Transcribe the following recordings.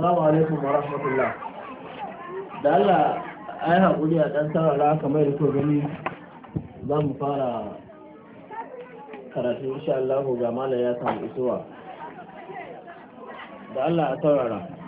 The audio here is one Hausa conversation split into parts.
assalamu alaikum wa rahmatullah da Allah ai haƙuri a ɗan sarara kamar da to gani za mu fara karatu insha Allah ga malaya ta isuwa da Allah a saurara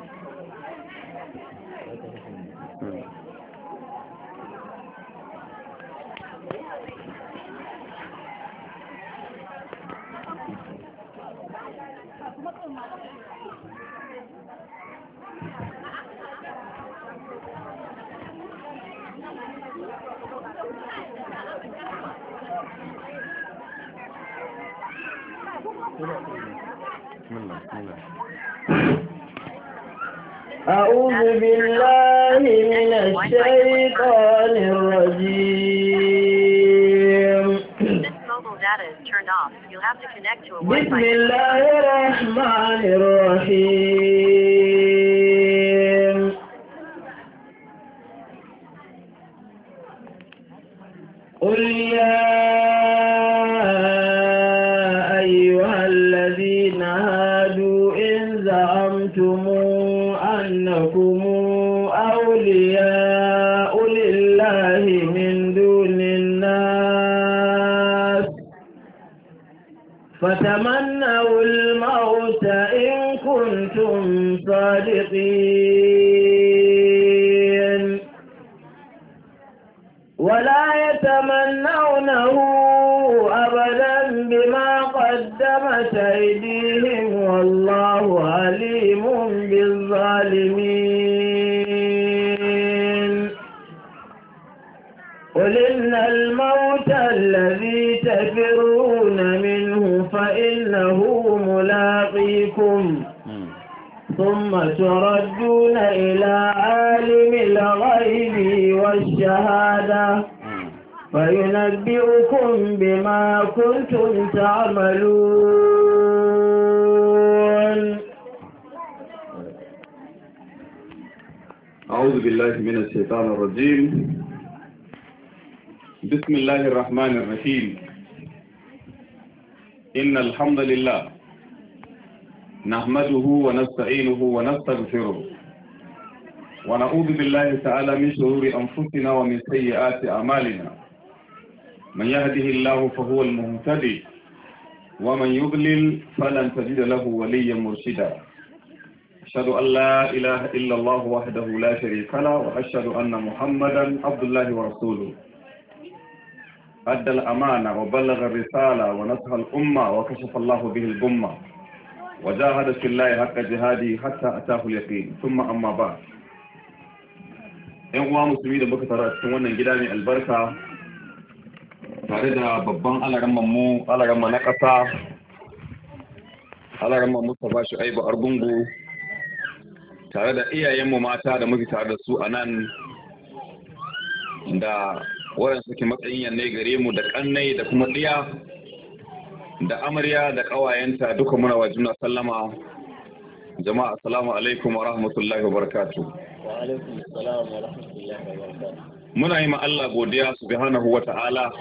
قدمت أيديهم والله عليم بالظالمين قل إن الموت الذي تفرون منه فإنه ملاقيكم ثم تردون إلى عالم الغيب والشهادة فينبئكم بما كنتم تعملون أعوذ بالله من الشيطان الرجيم بسم الله الرحمن الرحيم إن الحمد لله نحمده ونستعينه ونستغفره ونعوذ بالله تعالى من شرور أنفسنا ومن سيئات أعمالنا من يهده الله فهو المهتدي ومن يضلل فلن تجد له وليا مرشدا أشهد أن لا إله إلا الله وحده لا شريك له وأشهد أن محمدا عبد الله ورسوله أدى الأمانة وبلغ الرسالة ونصح الأمة وكشف الله به الأمة وجاهد في الله حق جهاده حتى أتاه اليقين ثم أما بعد ‘Yan uwa musulmi da muka tara cikin wannan gida mai albarka tare da babban alaramman mu na ƙasa alaramman mustapha shu'aibu argungu tare da iyayenmu mata da muke tare da su a nan da waɗanda suke matsayin yanayi gare mu da ƙannai da kuma ɗiya da amarya da ƙawayenta duka muna wa juna sallama jama'a assalamu alaikum wa rahmatullahi wa barakatuh wa alaikum assalam wa rahmatullahi wa barakatuh muna yi ma Allah godiya subhanahu wata'ala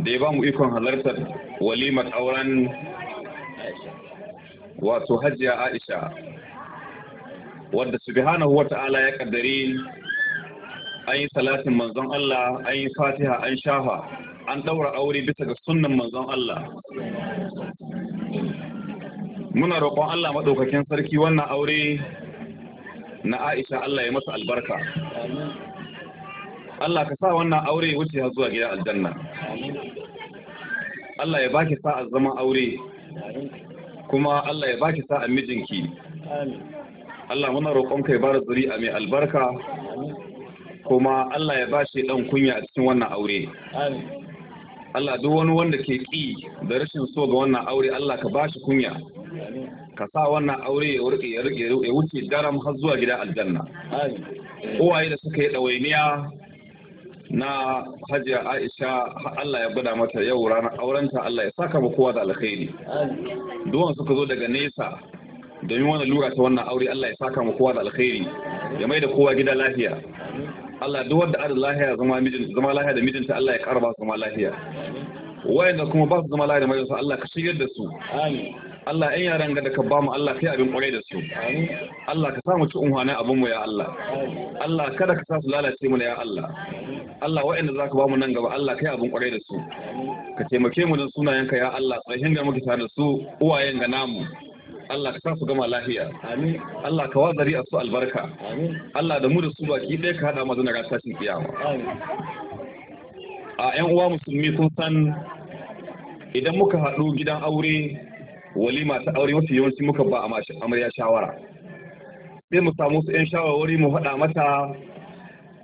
da ya ba mu ikon halartar walimar auren wato hajiya Aisha wadda subhanahu wata'ala ya kaddari an yi salatin manzon Allah an yi fatiha an shafa an daura aure bisa ga sunnan manzon Allah muna roƙon Allah maɗaukakin sarki wannan aure na Aisha Allah ya masa albarka Allah ka sa wannan aure wuce ya zuwa gida aljanna Allah ya baki sa'a zama aure kuma Allah ya baki sa'a mijinki Allah muna roƙon kai bar zuri'a mai albarka kuma Allah ya bashi ɗan kunya a cikin wannan aure Allah duk wani wanda ke ƙi da rashin so ga wannan aure Allah ka bashi kunya ka sa wannan aure ya ya ya wuce daram har zuwa gida aljanna uwaye da suka yi ɗawainiya na hajiya aisha Allah ya gwada mata yau ranar aurenta Allah ya saka mu kowa da alkhairi duwan suka zo daga nesa domin wani lura ta wannan aure Allah ya saka mu kowa da alkhairi ya mai da kowa gida lafiya Allah duk wanda ada lafiya zama lafiya lahiya da mijinta Allah ya karba zama lahiya wayanda kuma ba su zama layi da majalisa Allah ka shigar da su Allah ɗan yaran ga da ka bamu Allah kai abin kwarai da su Allah ka sa samu ci abin mu ya Allah Allah kada ka sa su lalace mu ya Allah Allah wayanda za ka bamu nan gaba Allah kai abin kwarai da su ka taimake mu da sunayenka ya Allah tsayin da muke tare da su uwayen ga namu Allah ka sa su gama lafiya. Amin. Allah ka wazari a su albarka. Amin. Allah da mu da su baki ɗaya ka haɗa mazana ga tashin kiyama. Amin. a 'yan uwa musulmi sun san idan muka haɗu gidan aure walima ta aure mafi yawanci muka ba a amarya shawara sai mu samu su 'yan shawarwari mu haɗa mata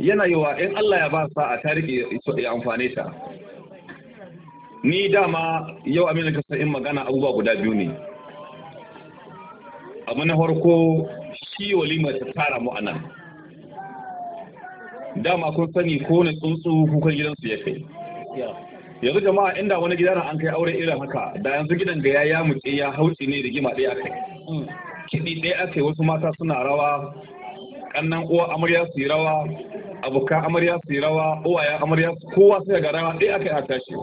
yana yiwa in Allah ya ba sa a tarihi ya amfane ta ni dama yau amina ka in magana abubuwa guda biyu ne abu na farko shi walima ta tara mu anan dama kun sani ko ne tsuntsu kukan gidansu ya kai yanzu jama'a inda wani gidana an kai aure irin haka da yanzu gidan da ya ya mutse ya hauce ne da gima ɗaya kai. Mm. kiɗi ɗaya ake wasu mata suna rawa ƙannan uwa amarya su yi rawa abokan amarya su yi rawa uwayen amarya kowa sai ga rawa ɗaya akai a tashi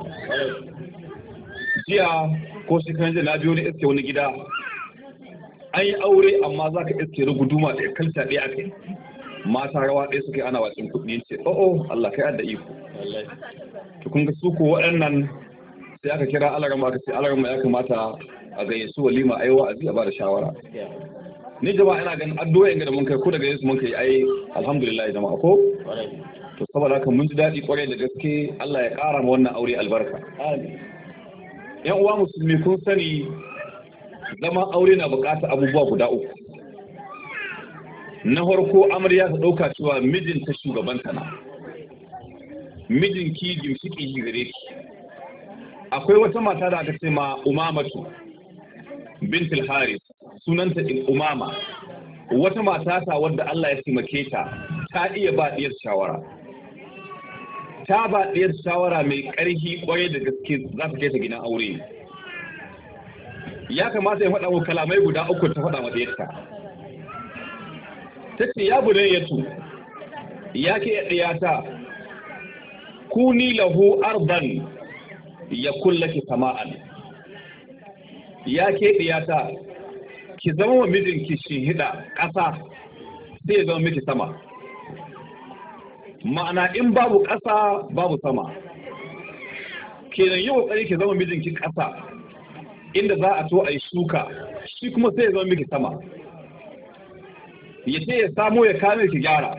jiya ko shi kan na biyo ne iske wani gida an yi aure amma za ka iske duma da kalta ɗaya kai. mata rawa ɗaya suke ana watsin kuɗi ce o oh, oh, Allah kai adda iko to kun ga su ko waɗannan sai aka kira alarma aka ce alarma ya kamata a gayyaci walima ai wa'azi a bada shawara ni jama'a ina ganin addu'a inga da mun kai ko daga yesu mun kai ai alhamdulillah jama'a ko to saboda haka mun ji daɗi kwarai da gaske Allah ya ƙara ma wannan aure albarka yan uwa musulmi kun sani zama aure na buƙatar abubuwa guda uku na farko amarya ta ɗauka cewa mijinta shugabanta na mijinki gimshiƙi gare ki akwai wata mata da aka ce ma umamatu bintul haris sunanta umama wata mata ta wadda Allah ya taimake ta ta iya ba diyar shawara ta ba diyar shawara mai ƙarfi ƙwaye da gaske za ta kai ta gidan aure ya kamata ya faɗa wa kalamai guda uku ta faɗa wa diyarta ta ce ya tu ya ke ta kuni lahu arban ya kullaki sama'an ya ke ta ki zama wa mijinki shi hida ƙasa sai ya zama miki sama ma'ana in babu ƙasa babu sama kenan yi ƙoƙari ki zama mijinki ƙasa inda za a to a yi shuka shi kuma sai ya zama miki sama ya ce ya samo ya kame ki gyara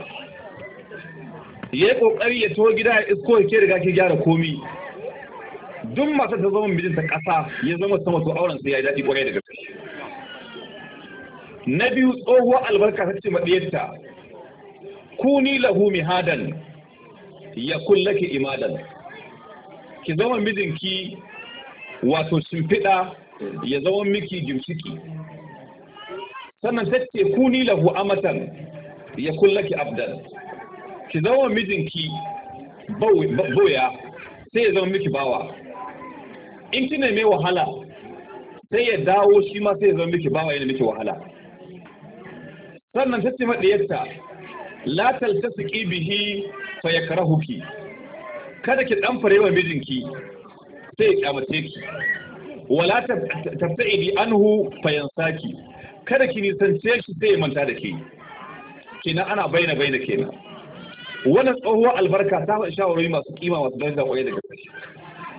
ya yi kokari ya to gida ya isko ya ke riga ki gyara komi duk masu ta zama mijinta ƙasa ya zama sama to auren sai ya yi daɗi kwarai da gaske na biyu tsohuwar albarka ta ce maɗiyarta kuni lahu hadan ya ki imadan ki zama mijinki wato shimfiɗa ya zama miki gimshiki sannan ta ce kuni lahu amatan ya kullaki abdan ki zama mijinki boya sai ya zama miki bawa in kina mai wahala sai ya dawo shi ma sai ya zama miki bawa yana miki wahala sannan ta ce madiyarta la taltasiki bihi fa yakrahuki kada ki dan farewa wa mijinki sai ya kyamace ki wala tabta'idi anhu fa yansaki kada ki nisance shi sai manta da ke kenan ana bayyana bayyana kenan wannan tsohuwar albarka ta faɗi shawarwari masu kima masu daraja kwaye da gaske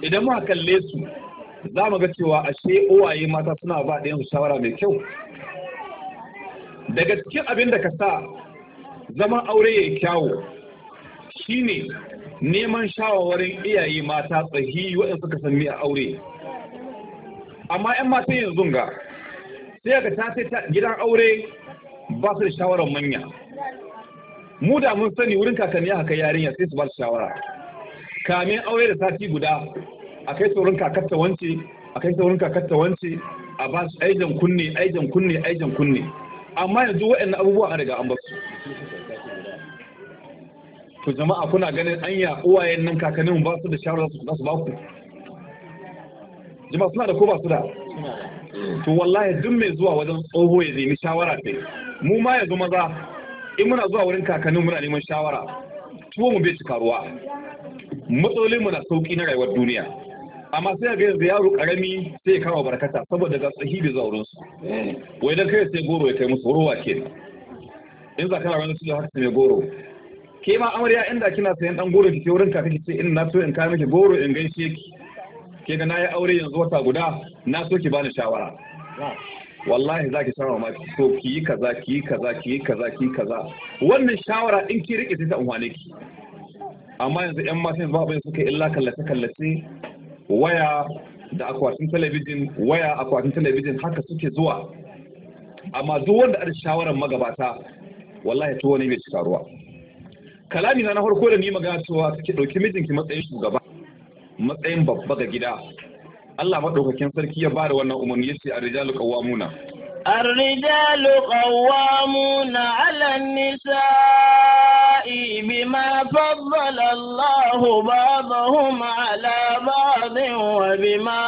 idan muka kalle su za mu ga cewa ashe uwaye mata suna ba ɗayan shawara mai kyau daga cikin abin da ka sa zaman aure ya kyawu shine neman shawarwarin iyaye mata tsahi waɗanda suka san a aure amma 'yan matan yanzu ga sai ga ta sai gidan aure ba su da shawarar manya mu da mun sani wurin kakanni haka yarinya sai su ba su shawara kamin aure da sati guda kai saurin kakatta wance kai saurin kakatta wance a ba su aijan kunne aijan kunne aijan kunne amma yanzu waɗannan abubuwa an riga an ba su to jama'a kuna ganin anya uwayen nan kakannin ba su da shawara za su ba ku jama'a suna da ko ba su da to wallahi duk mai zuwa wajen tsoho ya nemi shawara ce mu ma yanzu maza in muna zuwa wurin kakannin muna neman shawara tuwo mu bai cika ruwa matsalolin mu na sauki na rayuwar duniya amma sai ga yanzu yaro karami sai ya kama barkata saboda ga tsahi bai zuwa wurin su eh. wai dan kai sai goro ya kai musu ruwa ke in za kana ranar su da haka mai goro ke ma amarya inda kina sayan dan goro ki wurin ka kake ce in na so in kawo miki goro in gaishe ki ke na yi aure yanzu wata guda na so ki bani shawara wallahi za ki shawara ma so ki yi kaza ki yi kaza ki yi kaza ki yi kaza wannan shawara in ki rike sai ta umhane ki amma yanzu yan matan babu bai suka illa kallace kallace waya da akwatin talabijin waya akwatin talabijin haka suke zuwa amma duk wanda an shawaran magabata wallahi to wani bai ci ruwa kalami na na farko da ni magana cewa ki dauki mijinki matsayin shugaba matsayin babba ga gida Allah maɗaukakin sarki ya bada wannan umarni yace ar-rijalu qawwamuna الرجال قوامون على النساء بما فضل الله بعضهم على بعض وبما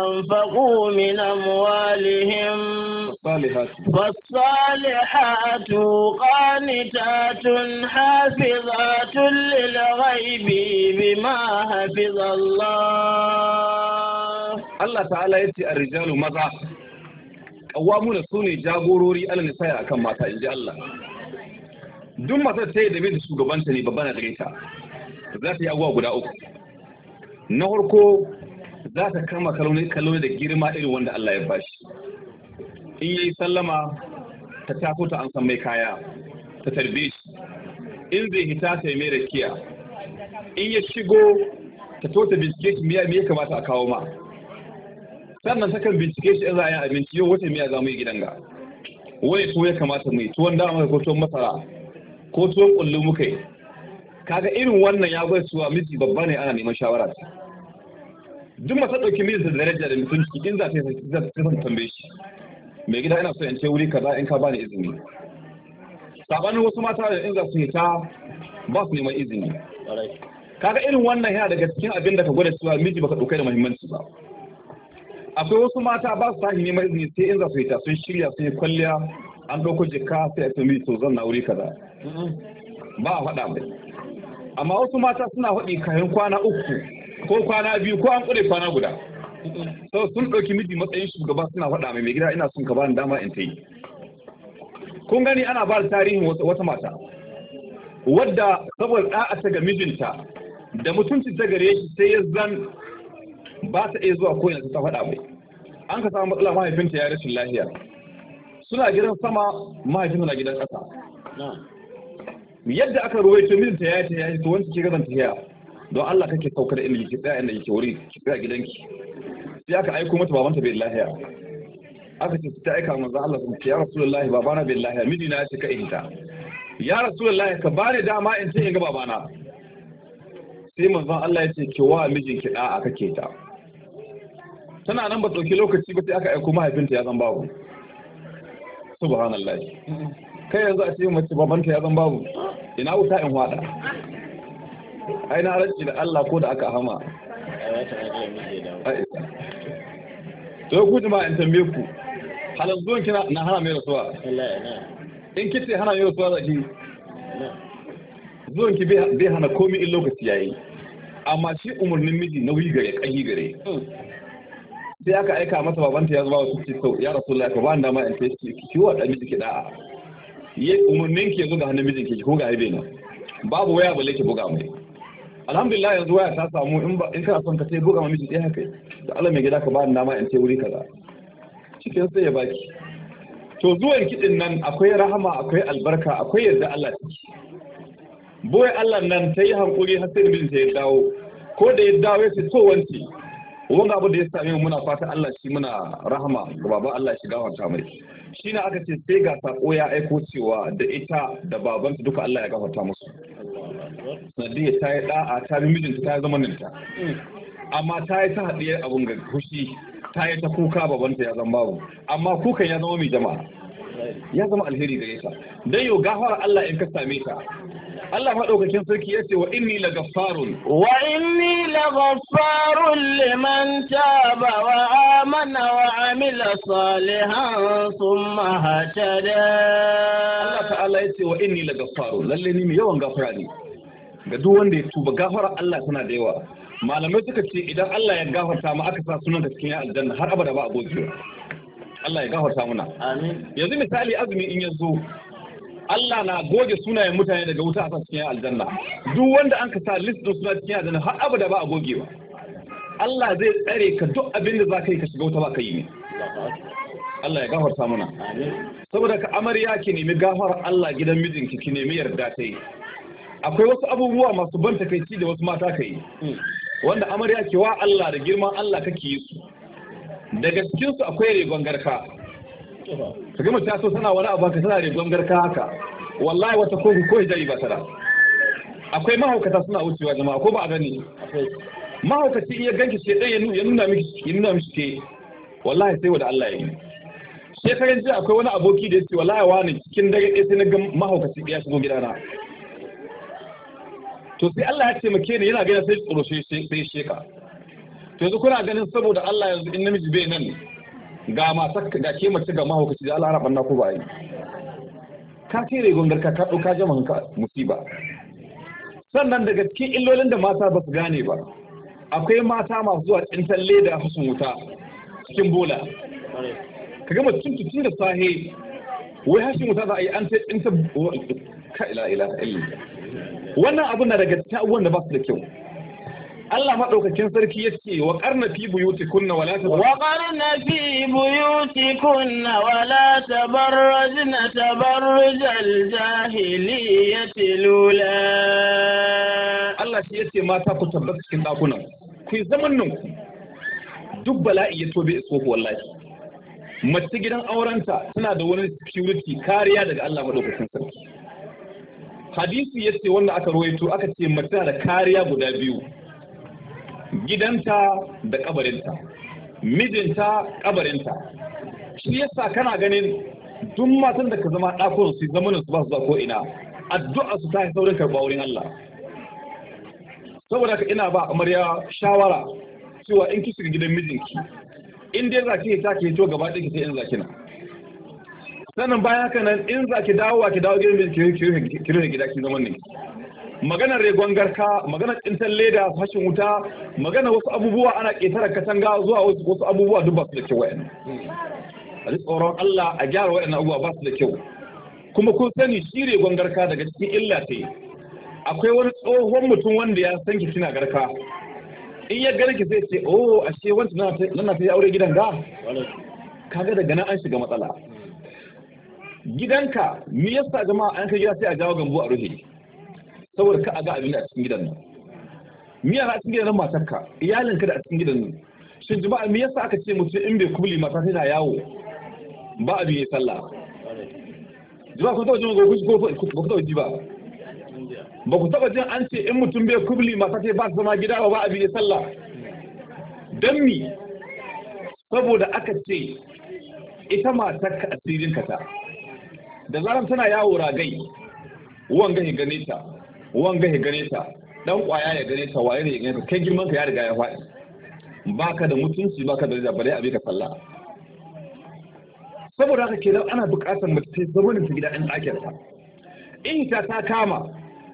أنفقوا من أموالهم فالصالحات فالصالحات قانتات حافظات للغيب بما حفظ الله الله تعالى يتي الرجال مضى قوامون سوني جاغوروري على النساء أكم ماتا إن جاء الله دون ما ta yi da da ببانا ne ذاتي أغوى ta za نهركو ذات abuwa كالوني كالوني na farko إلو واند الله يباشي in yi sallama ta taso ta an san mai kaya ta tarbish, shi in zai hita ta yi mai rakiya in ya shigo ta to ta bincike shi miya me kamata a kawo ma sannan ta kan bincike shi in za a yi abinci yau wata miya za mu yi gidan ga wani tuwo ya kamata mu yi tuwon dama ko tuwon masara ko tuwon kullu muka yi kaga irin wannan ya gwai suwa miji babba ne ana neman shawara ta duk masu ɗauki miji da daraja da mutunci in za ta yi zan tambaye shi mai gida ina so in ce wuri kaza in ka bani izini sabanin wasu mata da in za su hita ba su neman izini kaga irin wannan yana daga cikin abin da ka gwada cewa miji baka dauke da muhimmanci ba akwai wasu mata ba su tashi neman izini sai in za su hita sun shirya sun yi kwalliya an dauko jika sai a ce miji to zan na wuri kaza ba a faɗa mai amma wasu mata suna faɗi kayan kwana uku ko kwana biyu ko an ƙure kwana guda sun ɗauki miji matsayin shugaba suna faɗa mai mai gida ina son ka bani dama in ta yi kun gani ana ba da tarihin wata mata wadda saboda ɗa'a ta ga mijinta da mutunci ta gare shi sai ya zan ba ta iya zuwa ko yanzu ta faɗa mai an ka samu matsala mahaifinta ya rashin lahiya suna gidan sama mahaifinta na gidan ƙasa yadda aka ruwaito mijinta ya yi ta yaji to wancan ke ta hiya don Allah kake saukar ilimi ki tsaya inda yake wuri ki tsaya gidanki sai aka aiko mata babanta bai lahiya aka ce ta aika manzo Allah sun ce ya rasulullahi babana bai lahiya miji na ya ce ka ihita ya rasulullahi ka bani dama in ce in ga babana sai manzo Allah ya ce ki wa mijin ki da'a kake ta tana nan ba tsoki lokaci ba sai aka aiko mahaifinta ya zan babu subhanallah kai yanzu a ce mace babanta ya zan babu ina wuta in wada ai na rantsi da Allah ko da aka hama to ku ma in tambaye ku halan zuwan kina na hana mai rasuwa in kice hana mai rasuwa zaki zuwan ki bai hana komai in lokaci yayi amma shi umarnin miji nauyi gare kahi gare hmm. sai aka aika masa babanta ya zuba wasu ce sau ya rasu lafiya ba dama in sai ki kiwa da miji ki da'a ya umarnin ki yanzu ga hannun mijin ki ko ga haibe na babu waya balle ki buga mai alhamdulillah yanzu waya ta samu in kana son ka sai buga ma miji ɗaya haka da Allah mai gida ka bani nama in ce wuri kaza cikin sai ya baki to zuwan kiɗin nan akwai rahama akwai albarka akwai yarda Allah boye Allah nan ta yi hankuri har sai mijinta ya dawo ko da ya dawo ya to wanti wanga abu da ya same muna fata Allah shi muna rahama ga baba Allah shi gafarta mai shi na aka ce sai ga sako ya aiko cewa da ita da babanta duka Allah ya gafarta musu sanadiyya ta yi da'a ta bi mijinta ta zama ninta amma ta yi ta haɗiyar abun ga fushi ta yi ta kuka babanta ya zama babu amma kukan ya zama mai jama'a ya zama alheri gare ta dan yau gafara Allah in ka same ta Allah maɗaukakin sarki ya ce wa inni la gaffarun wa inni la gaffarun liman taba wa amana wa amila salihan thumma hatada Allah ta'ala ya ce wa inni la gaffarun lalle ni mai yawan gafara ne ga duk wanda ya tuba gafara Allah tana da yawa malamai suka ce idan Allah ya gafarta mu aka sa sunan da cikin aljanna har abada ba a Allah ya gafarta muna amin yanzu misali azumi in yazo Allah na goge sunayen mutane daga wuta a sa cikin aljanna duk wanda an ka sa list din suna cikin aljanna har abada ba a Allah zai tsare ka duk abin da za yi ka shiga wuta ba ka yi ne Allah ya gafarta muna saboda ka amarya ki nemi gafar Allah gidan mijinki ki nemi yarda ta yi akwai wasu abubuwa masu ban takaici da wasu mata ka yi hmm. wanda amarya ke wa Allah da girman Allah kake yi su daga cikin su akwai rigon garka ka gama ta so tana wani abu ka tana rigon garka haka wallahi wata ko ko jari ba tara akwai mahaukata suna wucewa jama'a ko ba a gani mahaukaci in ya ganki ce dan ya nuna miki ya nuna miki ce wallahi sai wada Allah ya yi sai kayan ji akwai wani aboki da ya ce wallahi wani cikin dare sai na ga mahaukaci ya shigo gidana to sai Allah ya taimake ni yana gani sai tsoro sai sheka to yanzu kuna ganin saboda Allah yanzu in namiji bai nan ga mata ga ke mace ga mahaukaci da Allah ana banna ko ba yi ka tire gongar ka ka dauka jaman ka musiba sannan daga cikin illolin da mata ba su gane ba akwai mata masu zuwa talle da su wuta cikin bola ka gama tun da sahe wai hashin wuta za a yi an ta ka ila ila illa wannan abu na daga cikin da ba su da kyau Allah maɗaukakin sarki ya ce wa ƙarna fi buyuti kunna wala ta wa ƙarna fi buyuti kunna wala ta barrajna ta barrajal jahiliyyati lula Allah shi ya ce mata ku tabbata cikin ɗakunan ku yi zaman nan ku duk bala'i ya tobe iso ku wallahi mace gidan aurenta tana da wani security kariya daga Allah maɗaukakin sarki hadisi ya ce wanda aka rawaito aka ce mace da kariya guda biyu gidanta da kabarinta mijinta kabarinta shi yasa kana ganin duk matan da ka zama ɗakon su zamanin su ba su za ko ina addu'a su ta yi saurin karɓa wurin Allah saboda ka ina ba amarya shawara cewa in ki shiga gidan mijinki in dai za zaki ta ke to gaba ɗin ki sai in zakina sannan bayan haka nan in za ki dawo ki dawo gidan ki rufe gida ki zaman ne maganar regon garka maganar tsintar leda fashin wuta maganar wasu abubuwa ana ƙetare katanga zuwa wasu abubuwa duk ba su da kyau wa'annan a ji tsoron Allah a gyara wa'annan abubuwa ba su da kyau kuma kun sani shi regon garka daga cikin illa ce akwai wani tsohon mutum wanda ya san ki kina garka in ya gani ki zai ce oh ashe wancan nan na ta aure gidan ga kaga daga nan an shiga matsala gidanka me yasa jama'a an kai gida sai a jawo gambo a rufe saboda ka a ga abin da a cikin gidan nan me yasa a cikin gidan matarka iyalinka da a cikin gidan nan shin jama'a me yasa aka ce mutum in bai kubli mata sai na yawo ba abin ya sallah jama'a kun taba jin ko ku taba ji ba ba ku taba jin an ce in mutum bai kubli mata sai ba zama gida ba ba abin ya sallah dan mi saboda aka ce ita matar ka asirin ka ta da zaran tana yawo ragai wanga ya gane ta wanga ya gane ta dan kwaya ya gane ta waye ne ya gane ta kai girman ka ya riga ya faɗi baka da mutunci baka da daraja bare abi ka sallah saboda haka kenan ana buƙatar mace ta zama ta gida ɗan ɗakin ta in ta ta kama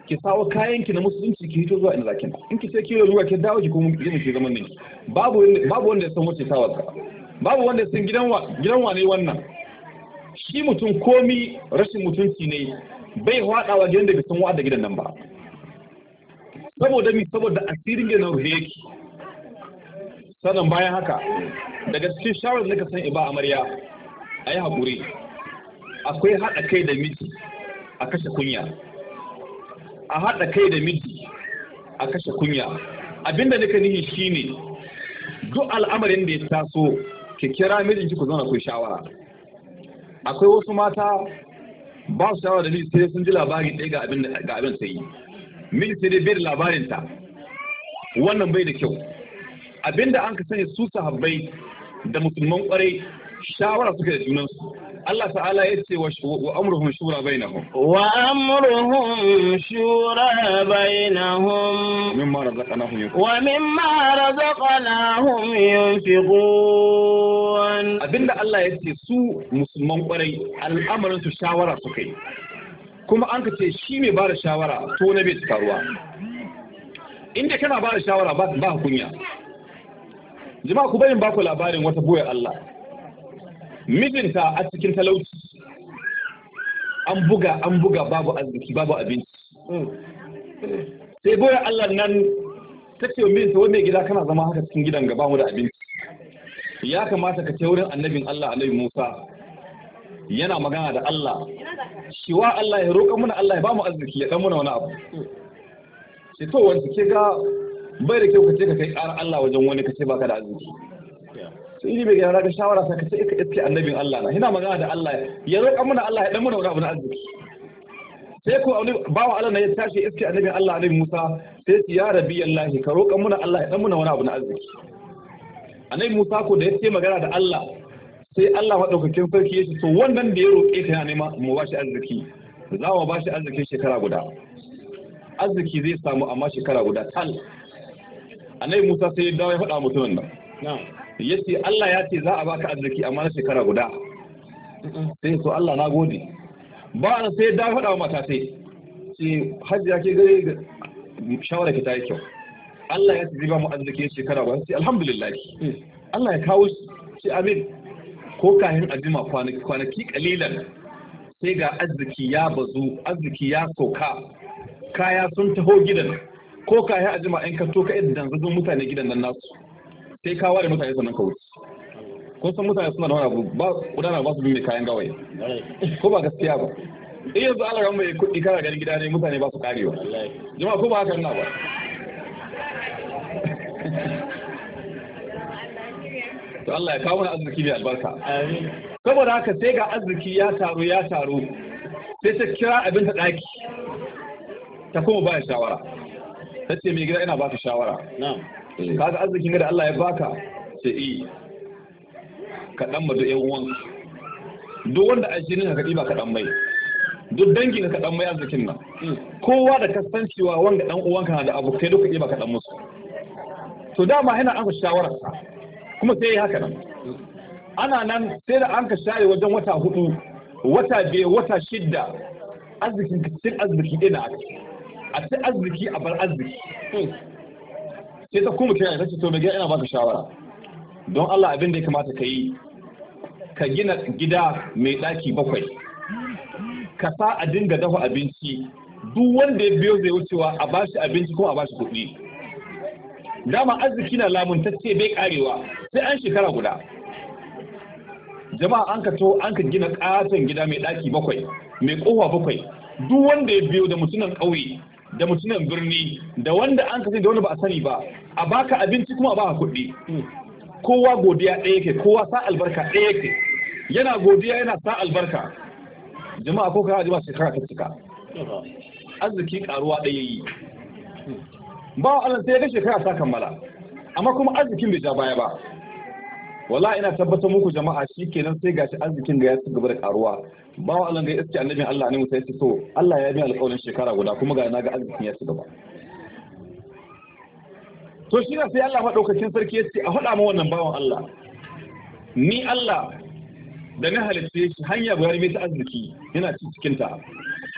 ki sawo kayan ki na musulunci ki hito zuwa inda zakin in ki sai ki zuwa ki dawo ki kuma ki ki zaman ninki babu babu wanda ya san wace sawa babu wanda ya san gidan wa gidan wa ne wannan shi mutum komi rashin mutunci ne bai hada wajen gidan da bisan san wa'ada gidan nan ba saboda mi saboda asirin na ruhe yake sannan bayan haka daga cikin shawarar da ka san iba amarya a yi haƙuri akwai haɗa kai da miji a kashe kunya a haɗa kai da miji a kashe kunya abinda nika nihi ne, duk al'amarin da ya taso ki kira mijinki ku zauna ku shawara akwai wasu mata ba su shawar da miji sai sun ji labari ɗaya ga abin ga abin sai miji sai dai bai da labarin ta wannan bai da kyau abinda an ka sani su sahabbai da musulman kwarai shawara suka da junansu Allah ta'ala ya ce wa amruhum shura bainahum wa amruhum shura bainahum mimma razaqnahum yunfiqun wa mimma razaqnahum yunfiqun abinda Allah ya ce su musulman kwarai al'amarin su shawara su kai kuma an ka ce shi mai bada shawara to na bai taruwa inda kana bada shawara ba ba kunya jama'a ku bayin ba ku labarin wata boyar Allah mijinta a cikin talauci an buga an buga babu arziki babu abinci sai boye Allah nan ta ce wa mijinta wanda gida kana zama haka cikin gidan ga bamu da abinci ya kamata ka ce wurin annabin Allah alaihi Musa yana magana da Allah shi wa Allah ya roƙa muna Allah ya bamu mu arziki ya dan muna wani abu sai to wanda ke ga bai da kyau ka ce ka kai ƙara Allah wajen wani ka ce baka da arziki su ilimi ga yana ga shawara sai ka ce ka iske annabin Allah na ina magana da Allah ya roƙa mana Allah ya dan mana wani abu na arziki sai ko wani bawa Allah ne ya tashi iske annabin Allah annabi Musa sai ya rabbi Allah ka roƙa mana Allah ya dan mana wani abu na arziki annabi Musa ko da ya ce magana da Allah sai Allah madaukakin sarki ya ce to wannan da ya roƙe ka nema mu bashi arziki za mu bashi arziki shekara guda arziki zai samu amma shekara guda tal annabi Musa sai ya dawo ya faɗa mutumin nan na'am ce Allah ya ce za a baka arziki amma na shekara guda sai so Allah na gode ba na sai da faɗa wa mata sai ce hajjiya ke gare shawara ki ta yi kyau Allah ya ce zai ba mu arziki shekara guda sai alhamdulillah Allah ya kawo shi amin ko kayan ajima kwanaki kalilan sai ga arziki ya bazu arziki ya soka kaya sun taho gidan ko kayan ajima in ka to ka idan zazun mutane gidan nan nasu sai ka ware mutane sannan ka wuce ko san mutane suna da wani abu ba gudana ba su bin mai kayan gawayi ko ba gaskiya ba in yanzu ana ramu mai kuɗi kana ganin gida ne mutane ba su karewa Jam'a ko ba haka na ba to Allah ya kawo mana arziki mai albarka saboda haka sai ga arziki ya taru ya taru sai ta kira abin ta ɗaki ta kuma ba shawara ta ce mai gida ina ba ka shawara Eh. kaga arzikin da Allah ya baka sai yi eh. ka dan mu yan uwan duk wanda ajirin ka ba ka dan mai duk dangin ka dan mai arzikin nan hmm. kowa da kasancewa wanda dan uwanka na da abokai duka ba ka dan musu to dama yana an shawarar shawara kuma sai yi haka nan hmm. ana nan sai da an ka share wajen wata hudu wata biyu wata shidda arzikin ka cin arziki ɗaya a ci arziki a bar arziki hmm. sai ta kuma kiyaye tace to ga ina baka shawara don Allah abin da ya kamata ka yi ka gina gida mai ɗaki bakwai ka sa a dinga dafa abinci duk wanda ya biyo zai wucewa a bashi abinci ko a bashi kuɗi dama arziki na lamuntacce bai karewa sai an shekara guda jama'a an ka to an ka gina katon gida mai ɗaki bakwai mai kowa bakwai duk wanda ya biyo da mutumin ƙauye da mutumin birni da wanda an kasance da wanda ba a sani ba a baka abinci kuma a baka kuɗi kowa godiya ɗaya yake kowa sa albarka ɗaya yake yana godiya yana sa albarka jama'a ko kaga jama'a shekara ta cika arziki karuwa ɗaya yi ba wa Allah sai ya ga shekara ta kammala amma kuma arzikin bai ja baya ba wala ina tabbatar muku jama'a shi kenan sai gashi arzikin ga ya ci gaba da karuwa Ba Allah da ya iske annabin Allah ne mutai so Allah ya bi alƙawarin shekara guda kuma ga na ga arzikin ya shiga ba to shi sai Allah madaukakin sarki ya ce a faɗa ma wannan bawan Allah ni Allah da na halitta shi hanya guda mai ta arziki yana cikin ta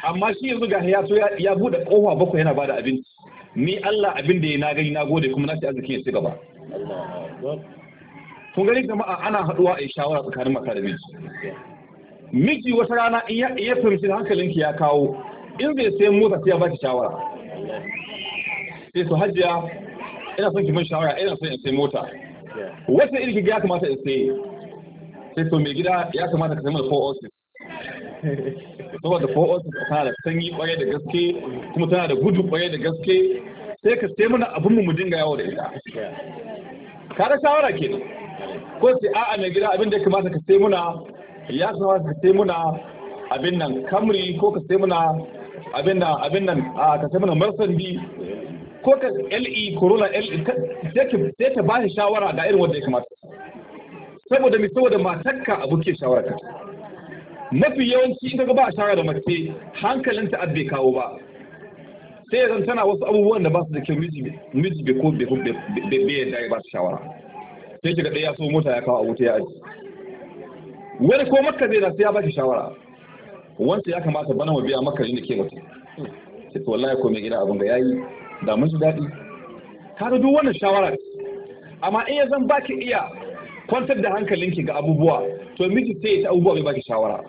amma shi yanzu ga ya so ya buɗe kofa bakwai yana bada abinci ni Allah abin da ya na gani na gode kuma na ci arzikin ya ci gaba kun gani jama'a ana haɗuwa a yi shawara tsakanin mata da miji miji wata rana in ya fahimci da hankalinki ya kawo in zai sayan mota sai ya baki shawara sai su hajiya ina son ki min shawara ina son in sayi mota wata irin ki ya kamata in sayi sai to mai gida ya kamata ka sayi mana four horses saboda four horses tana da sanyi kwarai da gaske kuma tana da gudu kwarai da gaske sai ka sai mana abin mu mu dinga yawo da ita ka da shawara kenan ko sai a'a mai gida abin da ya kamata ka sai muna ya kamata ka sai muna abin nan kamri ko ka sai muna abin nan abin nan ka sai muna marsandi ko ka LE corona LE sai ta ba shi shawara ga irin wanda ya kamata saboda mai saboda matakka abu ke shawara ta mafi yawanci in ka ba a shawara da mace hankalinta abu bai kawo ba sai zan tana wasu abubuwan da ba su da kyau miji bai ko bai yadda ya ba su shawara sai kiga ɗaya ya so mota ya kawo abu ta ya aji wani ko maka zai na sai ya baki shawara wanda ya kamata bana mu biya makka da ke mutum sai to wallahi ko mai gida abin da yayi da mun ji Ka kaga duk wannan shawara amma in ya zan baki iya kwantar da hankalinki ga abubuwa to miji sai ta abubuwa bai baki shawara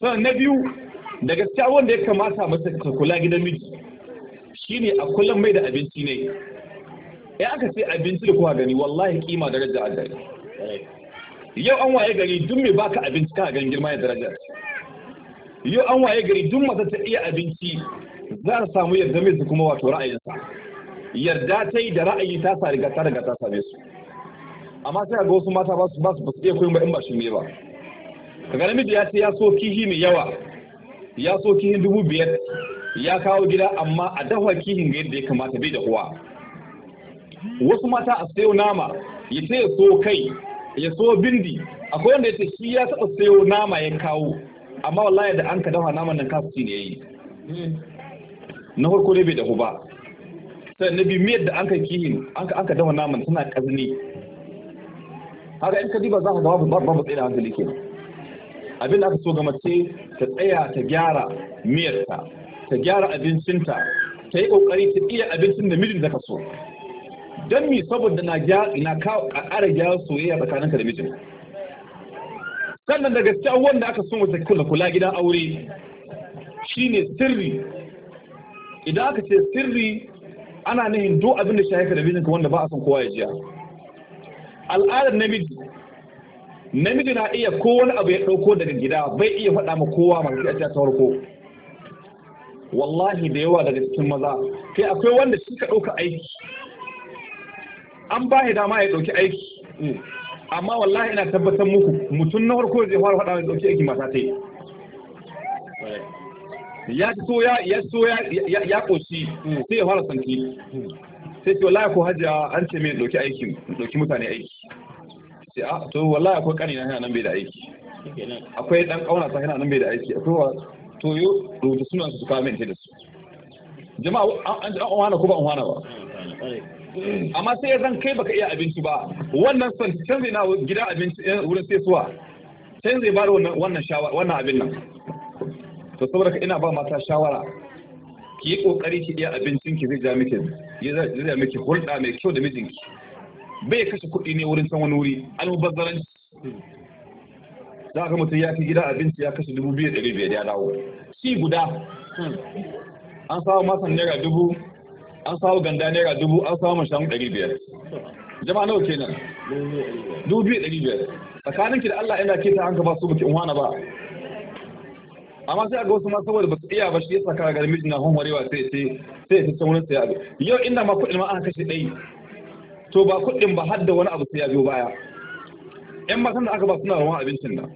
sannan na biyu da gaskiya wanda ya kamata mace ka kula gidan miji shine a kullum mai da abinci ne Ya aka sai abinci da kuwa gani wallahi kima da rajja yau an waye gari duk mai baka abinci ka ganin girma ya daraja yau an waye gari duk mata ta iya abinci za ta samu yarda mai su kuma wato ra'ayin sa yarda ta yi da ra'ayi ta sa riga ta riga ta same su amma sai ga wasu mata ba su ba su iya koyon ba in ba shi ne ba kaga namiji ya ce ya so kihi mai yawa ya so kihin dubu biyar ya kawo gida amma a dafa kihin ga yadda ya kamata bai da kowa wasu mata a sayo nama ya ce ya so kai ya so bindi akwai wanda yace shi ya taba sayo nama ya kawo amma wallahi da an ka dafa naman nan kasu ne yayi na farko ne bai dahu ba sai na biyu miyar da an ka kihin an ka an ka dafa naman tana kazni haka in ka diba za ka ga babu babu tsaye da hankali kenan abin da aka so gama ce ta tsaya ta gyara miyarta ta gyara abincinta ta yi kokari ta iya abincin da mijin da ka so don mi saboda na ƙara gyara soyayya tsakaninka da mijin sannan daga cikin abubuwan aka sun wata kula kula gidan aure shine sirri idan aka ce sirri ana nihin do abin da shi haka da mijinka wanda ba a son kowa ya jiya al'adar namiji namiji na iya ko wani abu ya ɗauko daga gida bai iya faɗa ma kowa ma sai ta farko wallahi da yawa daga cikin maza sai akwai wanda shi ka ɗauka aiki an ba shi dama ya ɗauki aiki amma wallahi ina tabbatar muku mutum na farko zai fara faɗa da ɗauki aiki mata ta yi ya so ya ya so ya ya koshi sai ya fara sanki sai ce wallahi ko hajiya an ce mai ɗauki aiki ɗauki mutane aiki sai a to wallahi akwai ƙani na hana nan bai da aiki akwai ɗan ƙauna ta hana nan bai da aiki akwai wa to yo rubuta sunan su kawo mai da su jama'a an an ko ba an wani ba amma sai ya zan kai baka iya abinci ba wannan son can zai na gida abinci eh, wurin sai suwa can zai bada wannan shawara wannan abin nan to saboda ka ina ba mata shawara ki yi kokari ki iya abincin ki zai ja miki zai ja miki hulɗa mai kyau da mijinki bai kashe kuɗi ne wurin can wani wuri almubazzaranci za ka mutum ya fi gida abinci ya kashe dubu biyu da ɗari biyar ya dawo shi guda an samu masan naira dubu an samu ganda naira dubu an samu shanu ɗari biyar jama'a nawa kenan dubu biyu ɗari biyar tsakanin ki da Allah yana ke ta hanka ba su baki unwana ba amma sai a ga wasu ma saboda ba su iya ba shi ya kara ga mijin na hunwarewa sai sai ce sun sauran ya abu yau inda ma kuɗin ma aka kashe ɗai to ba kuɗin ba har da wani abu sai ya biyo baya yan matan da aka ba suna rawan abincin nan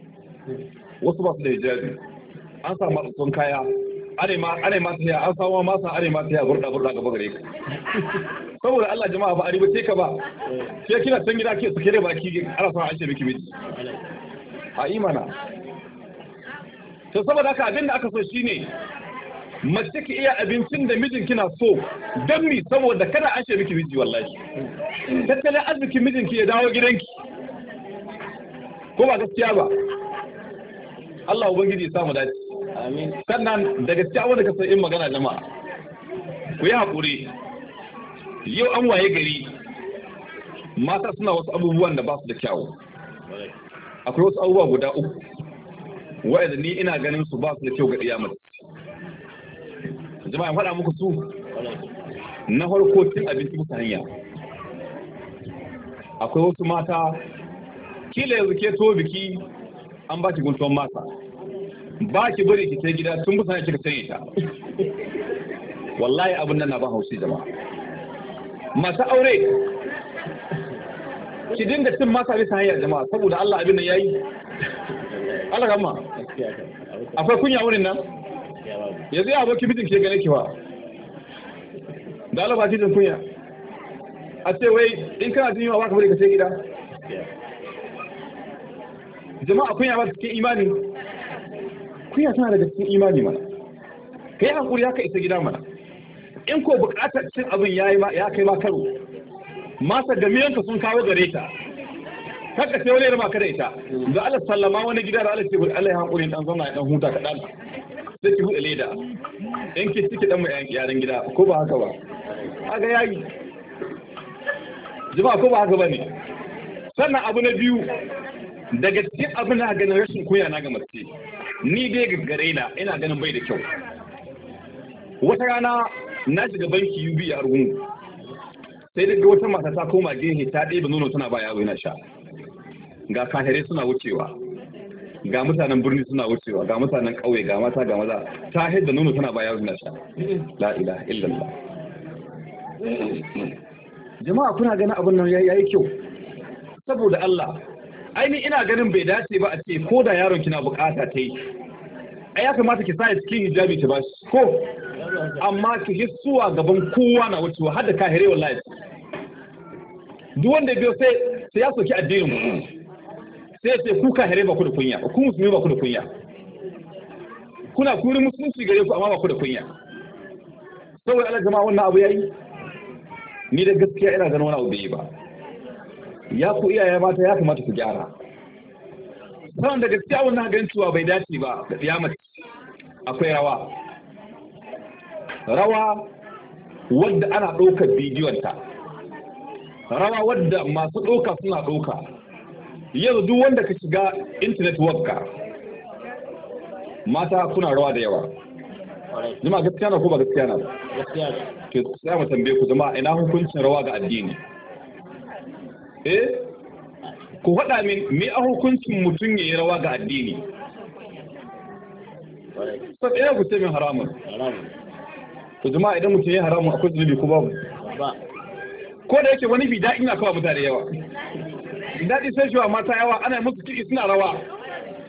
wasu ba su da hijabi an samu matsatsun kaya arema arema ta an samu ma sa arema ta burda burda gaba gare ka saboda Allah jama'a ba arewa ce ka ba sai kina san gida ke sake da baki ana son an ce miki miji a imana to saboda haka abin da aka so shine mace ki iya abincin da mijin kina so don mi saboda kada an ce miki miji wallahi tattalin arzikin mijinki ya dawo gidanki ko ba gaskiya ba Allah ubangiji ya samu dace amin sannan daga cikin abin ka san in magana jama'a ku yi haƙuri yau an waye gari mata suna wasu abubuwan da ba su da kyawu akwai wasu abubuwa guda uku wa'anda ni ina ganin su ba su da kyau ga iyamar jama'a faɗa muku su na farko cin abinci musu hanya akwai wasu mata kila yanzu ke to biki an ba ki guntuwan mata ba ki bari ki sai gida sun busa ki sai ta wallahi abin nan na ba haushi ba masu aure ki dinga cin masa bisa hanyar jama'a saboda Allah abin nan yayi Allah gama akwai kunya wurin nan yanzu ya abokin mijin ke gane ki wa da Allah ba ki jin kunya a ce wai in kana jin yawa ba ka bari ka sai gida jama'a kunya ba su ke imani Kuya tana daga cikin imani mana ka yi hankuri haka isa gida mana in ko bukatar cin abin ya kai ma karo masa da miyanka sun kawo gare ta haka sai wani rama kada ita ga Allah sallama wani gida da Allah ce Allah ya hankuri dan zauna ya dan huta dan sai ki bude leda in ki ciki dan mai yaran gida ko ba haka ba aga yayi jama'a ko ba haka bane sannan abu na biyu daga cikin abin na ganin rashin koya na ga mace ni dai gare na ina ganin bai da kyau wata rana na shiga banki UB a rungu sai daga wata mata ta koma gehe ta ɗebe nono tana ba yawo yana sha ga kahirai suna wucewa ga mutanen birni suna wucewa ga mutanen ƙauye ga mata ga maza ta da nono tana ba yaro yana sha la ilaha illallah jama'a kuna ganin abin nan yayi kyau saboda Allah aini ina ganin bai dace ba a ce ko da yaron kina bukata ta yi ai ya kamata ki sa cikin hijabi ki bashi ko amma ki hissuwa gaban kowa na wucewa har da kahire wallahi duk wanda biyo sai sai ya soki addinin ku sai sai ku kahire ba ku da kunya ku musulmi ba ku da kunya kuna kuri musulunci gare ku amma ba ku da kunya saboda Allah jama'a wannan abu yayi ni da gaskiya ina ganin wani abu bai yi ba ya ku iyaye mata ya kamata ku gyara da gaskiya wannan ganin cewa bai dace ba da kiyamata akwai rawa rawa wadda ana ɗaukar bidiyonta rawa wadda masu ɗauka suna ɗauka yanzu duk wanda ka shiga intanet wakka mata kuna rawa da yawa jama'a gaskiya na ko ba gaskiya na ba gaskiya to sai mu tambaye ku jama'a ina hukuncin rawa ga addini eh ku faɗa min me a hukuncin mutum ya yi rawa ga addini sai ya ku ce min haramun to jama'a idan mutum ya haramun akwai zunubi ko babu ko da yake wani bida ina kawo mutane yawa daɗi sai shiwa mata yawa ana yi musu kiɗi suna rawa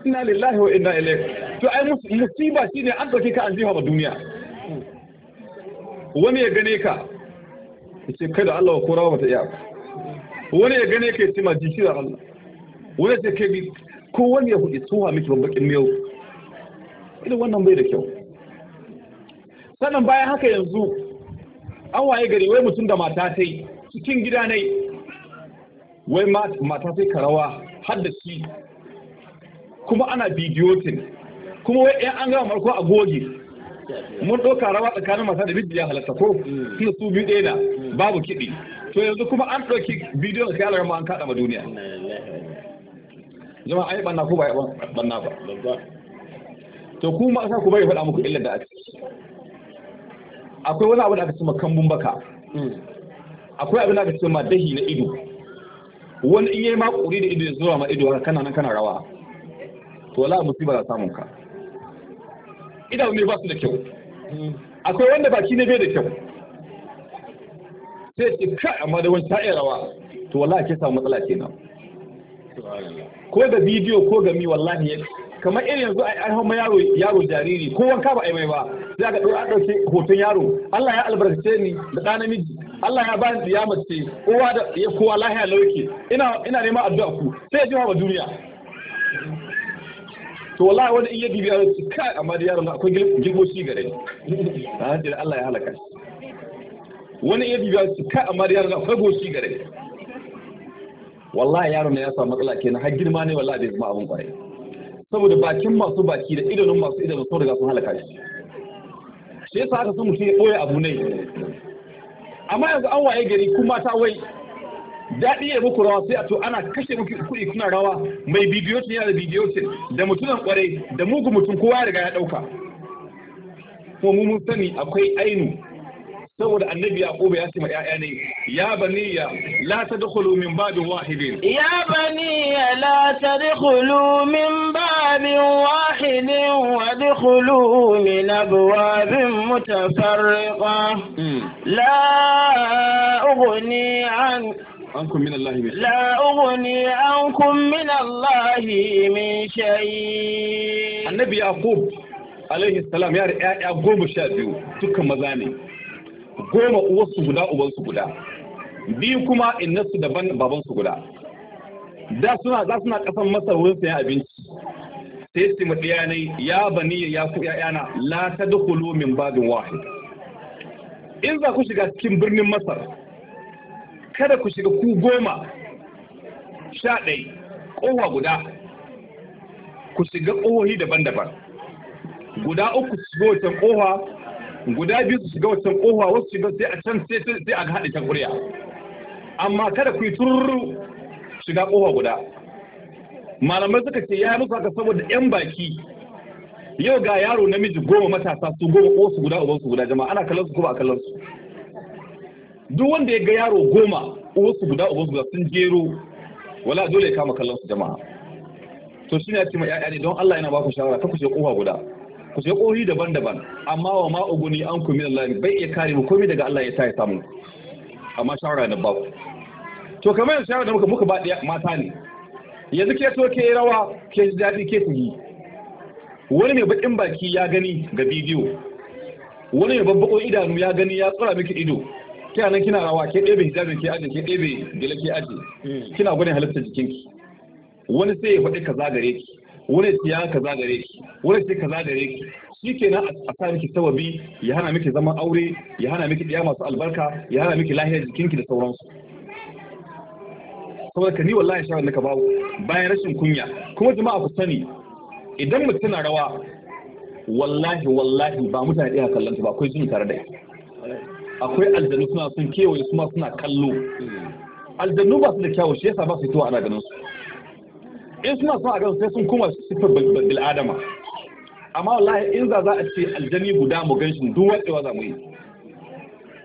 Ina lillahi wa inna ilaihi to ai musiba shine an ɗauke ka an jiha ba duniya wani ya gane ka kai kada Allah ko rawa bata iya wani ya gane ke cima jiki da Allah wani ce ke ko wani ya hudu tsoha miki babbakin miyau irin wannan bai da kyau sannan bayan haka yanzu an waye gari wai mutum da mata ta yi cikin gida ne wai mata ta yi karawa har da shi kuma ana bidiyotin kuma wai yan an gama marko a goge mun ɗauka rawa tsakanin mata da bidiyar halatta ko mm. su biyu ɗaya babu kiɗi to yanzu kuma an ɗauki bidiyon sai alarar ma an kaɗa ma duniya zama an yi ɓanna ko ba yi ɓanna ba to ku sa ku bari faɗa muku illar da ake akwai wani abu da aka cima kambun baka akwai abu da aka cima dahi na ido wani in yi makuri da ido ya zuwa ma ido haka kana nan kana rawa to la musiba za samun ka idanu ne ba su da kyau akwai wanda baki ne bai da kyau sai ce kai amma da wani ta'ayi rawa to wallahi ke samu matsala na? ko da bidiyo ko ga mi wallahi kamar irin yanzu a yi ma yaro yaro jariri ko wanka ba a yi mai ba sai ka ɗora ɗauke hoton yaro Allah ya albarkace ni da ɗa namiji Allah ya bani ya mace uwa da ya kowa lahiya lauke ina ina neman addu'a ku sai ji ba duniya to wallahi wani in ya bibiya kai amma da yaron akwai gilgoshi gare ni da Allah ya halaka shi wani iya bibiya su ka amma da na fago shi gare wallahi yaron ya samu matsala kenan har girma ne wallahi bai zama abin kwarai saboda bakin masu baki da idanun masu idanun sun riga sun halaka shi shi yasa aka sun mutum ya ɓoye abu ne amma yanzu an waye gari kuma ta wai daɗi ya muku rawa sai a to ana kashe muku kuɗi kuna rawa mai bidiyotin yana da bidiyotin da mutumin kwarai da mugu mutum kowa ya riga ya ɗauka kuma mu mun sani akwai ainu saboda annabi yaquba ya ce ma ƴaƴa ne ya baniya la tadkhulu min babin wahidin ya baniya la tadkhulu min babin wahidin wa dkhulu min abwabin mutafarriqa la ughni an عنكم من الله من لا أغني عنكم من الله من شيء النبي يعقوب alaihi salam ya da ƴaƴa goma sha biyu dukkan maza ne goma uwarsu guda ubansu guda biyu kuma innarsu daban babansu guda da suna za suna kasan masar wurin sayan abinci sai su mu diyanai ya bani ya ku ya'yana la tadkhulu min babin wahid in za ku shiga cikin birnin masar kada ku shiga ku goma sha ɗai ƙofa guda ku shiga ƙohohi daban-daban guda uku su shiga wancan ƙofa guda biyu su shiga wancan kofa wasu shiga sai a can sai a haɗe ta ƙuri'a amma kada ku yi turu shiga kofa guda malamai suka ce ya yi musu haka saboda yan baki yau ga yaro namiji goma matasa su goma ko su guda uban su guda jama'a ana kallon su ko ba a kallon su duk wanda ya ga yaro goma uban su guda uban su guda sun jero wala dole ya kama kallon su jama'a to shi ne ya ce ma 'ya'ya ne don Allah yana ba ku shawara ta ku shiga kofa guda ku sai ƙori daban-daban amma wa ma'uguni an ku min Allah bai iya kare mu komai daga Allah ya sa ya samu amma shawara na baku. to kamar yanzu shawara da muka muka ba mata ne yanzu ke so ke rawa ke ji daɗi ke ku yi wani mai bakin baki ya gani ga bidiyo wani mai babbako idanu ya gani ya tsura miki ido kina nan kina rawa ke ɗebe hijabin ke aji ke ɗebe gele ke aji? Hmm. kina gudun halittar jikinki wani sai ya faɗi kaza zagare ki wurin ya kaza gare ki wurin ce kaza gare ki shikenan a sa miki sababi ya hana miki zaman aure ya hana miki ɗaya masu albarka ya hana miki lahiyar jikinki da sauransu saboda ka ni wallahi shawar da ka bawo bayan rashin kunya kuma jama'a ku sani idan mutum na rawa wallahi wallahi ba mutane ɗaya kallon ba akwai jin tare da ita akwai aljanu suna sun kewaye suna kallo hmm. aljanu ba su da kyawu shi yasa ba su yi tuwa ana ganin su in suna son a gan sai sun kuma sifar bil'adama adama amma wallahi in za za a ce aljani guda mu gan shi duk wacewa za mu yi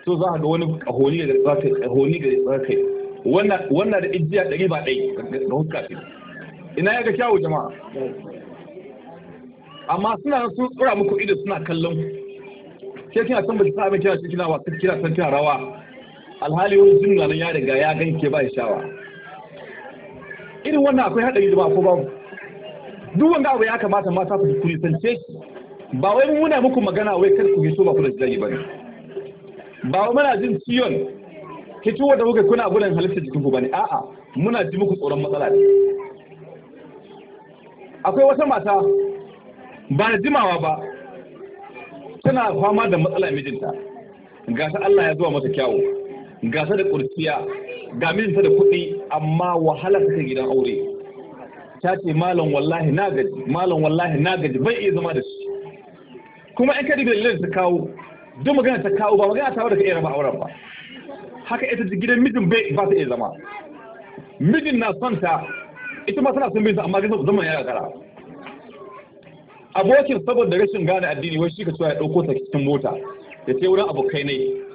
to za ga wani kahoni da za ka kahoni ga za ka wannan wannan da ijiya ɗari ba ɗai ga hukka ce ina ya ga kyawu jama'a amma suna sun tsura muku ido suna kallon ke kina san baki sa mai kina kina wasu kina san kina rawa alhali wani jinna nan ya riga ya ganke ba shawa irin wannan akwai haɗari da ba ko babu duk wanda abu ya kamata mata ku ku shi ba wai muna muku magana wai kar ku yi so ba ku da jidani ba ne ba wai muna jin ciyon fitowa da kuka kuna gudan halittar jikin ku ba ne a'a muna ji muku tsoron matsala ne akwai wata mata ba da jimawa ba tana fama da matsala mijinta gasa Allah ya zuwa mata kyawu gasa da kurciya ga mijinta da kuɗi amma wahala ta gidan aure ta ce malam wallahi na gaji malam wallahi na gaji bai iya zama da shi kuma in ka dubi dalilin ta kawo duk magana ta kawo ba magana ta wadda ka iya raba auren ba haka ita gidan mijin bai ba ta iya zama mijin na son ta ita ma tana son bin sa amma ga zama ya gara abokin saboda rashin gane addini wai shi ka cewa ya dauko ta cikin mota ya ce wurin abokai ne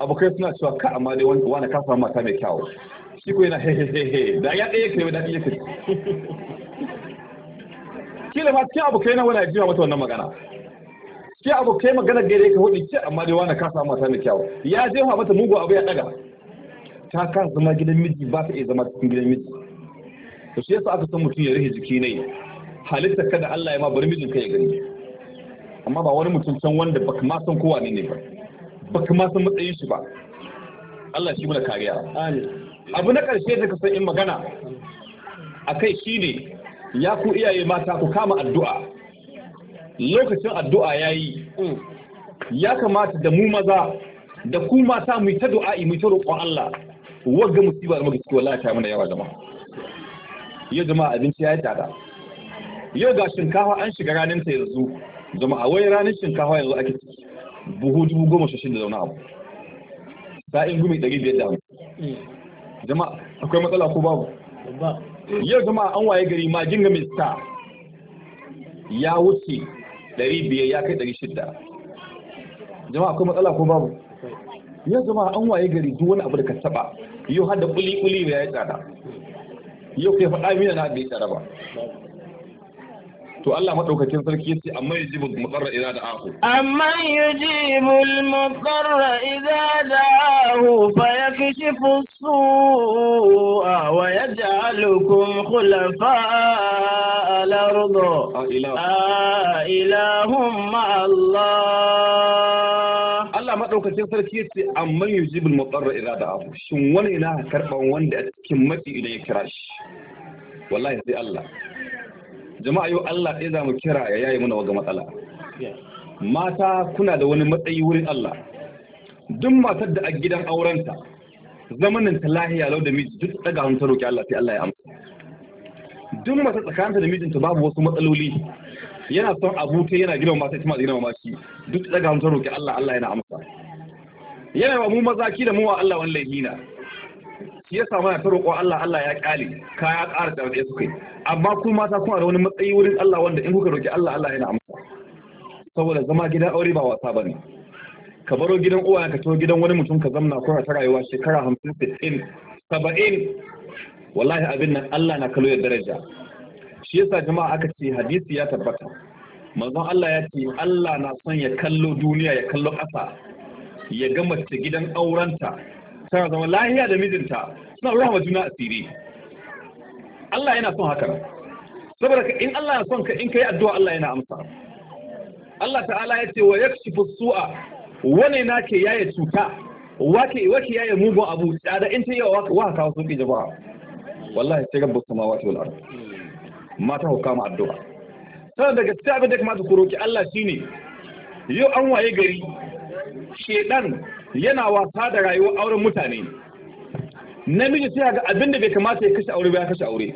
abokai suna cewa ka amma dai wani ka samu mata mai kyawu shi ko yana hehehehe da ya ɗaya kai da yake. shi kila ma cikin abokai na wani ajiyar mata wannan magana cikin abokai magana gare ka hudu ce amma dai wani ka samu mata mai kyawu ya je jefa mata mugu abu ya ɗaga ta ka zama gidan miji ba ta iya zama cikin gidan miji to shi yasa aka san mutum ya rihe jiki ne halitta kada Allah ya ma bari ka ya gani amma ba wani mutum can wanda baka ma san kowa ne ne ba baka ma san matsayin shi ba Allah shi muna kariya abu na ƙarshe da ka san in magana a kai shi ne. ya ku iyaye mata ku kama addu'a lokacin addu'a ya yi. Mm. ya kamata da mu maza da ku mata mu ta du'a'i mu ta roƙon Allah wagga musiba da muke ciki wallahi ta mana yawa jama'a yau jama'a abinci ya yi tada yau ga shinkafa an shiga ranar ta yanzu jama'a wai ranar shinkafa yanzu ake ciki buhu dubu goma shashin da wani abu sa'in gumi ɗari biyar da hamsin hmm. jama'a akwai matsala ko babu yau jama'a an waye gari ma jinga mista ya wuce ɗari biyar ya kai ɗari shida jama'a akwai matsala ko babu yau jama'a an waye gari duk wani abu da ka saba yau har da kuli kuli ya yi tsada hmm. yau kai faɗa mina na bai tsada ba to Allah madaukakin sarki yace amma yujibu al-muqarra idza da'ahu amma yujibu al-muqarra idza da'ahu fa yakshifu as-su'a wa yaj'alukum khulafa'a al-ard a ilahum ma Allah Allah madaukakin sarki yace amma yujibu al-muqarra idza da'ahu shin wani na karban wanda a cikin mafi idan ya kira shi wallahi sai Allah jama'a yau Allah ɗaya za mu kira ya yayi muna waga matsala mata kuna da wani matsayi wurin Allah duk matar da a gidan aurenta zamanin ta lahiya lau da miji duk daga hannun ta Allah sai Allah ya amsa duk matar tsakaninta da mijinta babu wasu matsaloli yana son abu yana gina mata ita ma girma ma shi duk daga hannun ta Allah Allah yana amsa yana ba mu maza ki da mu wa Allah wani laihina shi ya samu ta roƙo Allah Allah ya ƙyale ya ƙara da wanda suka amma ku mata kuna da wani matsayi wurin Allah wanda in kuka roƙi Allah Allah yana amsa saboda zama gidan aure ba wasa bane ka baro gidan uwa ka to gidan wani mutum ka zamna ko ta rayuwa shekara 50 60 70 wallahi abin nan Allah na kallo ya daraja shi yasa jama'a aka ce hadisi ya tabbata manzon Allah ya ce Allah na son ya kallo duniya ya kallo ƙasa ya gama ta gidan aurenta tana zama lahiya da mijinta suna rahama juna asiri Allah yana son haka saboda ka in Allah ya son ka in kai addu'a Allah yana amsa Allah ta'ala ya ce wa yakshifu su'a wane na ke yaye cuta wake wake yaye mugun abu da in ta yawa wa ka so ki jama'a wallahi sai rabbus samawati wal ard mata kama addu'a saboda daga cikin abin da kamata ku roki Allah shine yau an waye gari shedan yana wasa da rayuwar auren mutane namiji sai ga abinda bai kamata ya kashe aure ba ya kashe aure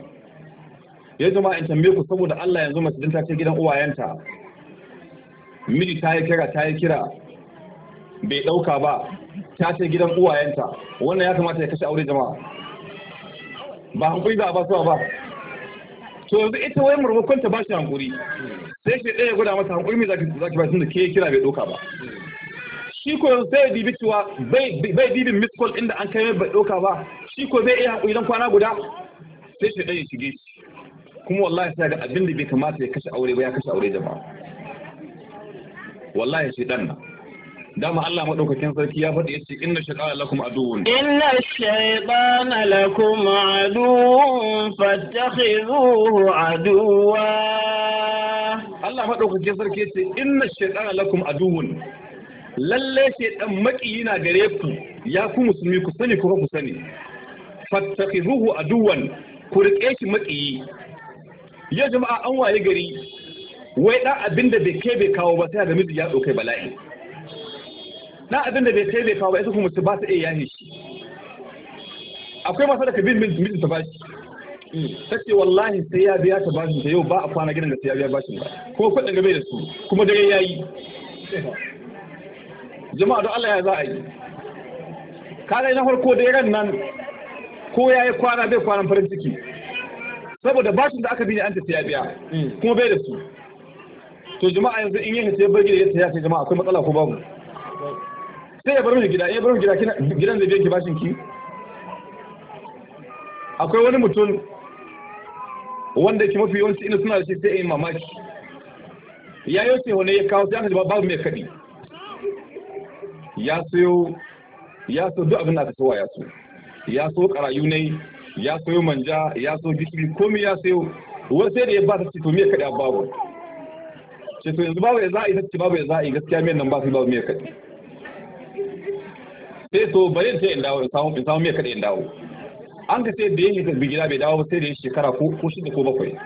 ya zama in tambaye ku saboda Allah yanzu mace din ta ce gidan uwayenta miji ta yi kira ta yi kira bai dauka ba ta ce gidan uwayenta wannan ya kamata ya kashe aure jama'a ba hankuri ba a ba suwa ba to yanzu ita wai murmukunta ba shi hankuri sai shi ɗaya gwada mata hankuri mai zaki ba tun da ke kira bai dauka ba shi ko sai ya dibi cewa bai dibin miskol inda an kai mai bai ɗauka ba shi ko zai iya haƙuri don kwana guda sai shi ɗaya shige shi kuma wallahi sai ga abin da bai kamata ya kashe aure ba ya kashe aure jama'a wallahi shi ɗan na dama Allah madaukakin sarki ya faɗi yace inna shaytana lakum aduwwun inna shaytana lakum aduwwun fattakhidhuhu aduwwa Allah madaukakin sarki yace inna shaytana lakum aduwwun lalle shi dan maki na gare ku ya ku musulmi ku sani ko ku sani fattakhuhu aduwan ku rike shi maƙiyi. ya jama'a an waye gari wai ɗan abinda bai kai bai kawo ba sai da miji ya ɗaukai bala'i Ɗan abinda bai kai bai kawo ba sai kuma mace ba ta iya yahe shi akwai masu da ka bin mijin ta bashi ta ce wallahi sai ya biya ta bashin ta yau ba a kwana gidan da sai ya biya bashin ba kuma ga bai da su kuma dare ya yi jama'a don Allah ya za a yi kaga na farko da ran nan ko ya yi kwana bai kwanan farin ciki saboda bashin da aka bi ne an tafiya biya kuma bai da su to jama'a yanzu in yin sai bai gida ya sai jama'a akwai matsala ko babu sai ya bar mu gida ya eh, bar mu gida gidan da biyan ki bashin ki akwai wani mutum wanda ke mafi yawanci ina suna da shi sai in mamaki ya yi wace wani ya kawo sai aka ji babu mai kaɗi ya sayo ya so duk abin da aka sowa ya so ya so karayu ne ya sayo manja ya so gishiri komai ya sayo wani sai da ya ba ta ce to me babu ce to yanzu babu ya za a yi ta babu ya za a yi gaskiya me nan ba su babu me kaɗi sai so bari ta in dawo in samu in me kada in dawo an ka sai da yi bi gida bai dawo sai da ya shekara ko ko shida ko bakwai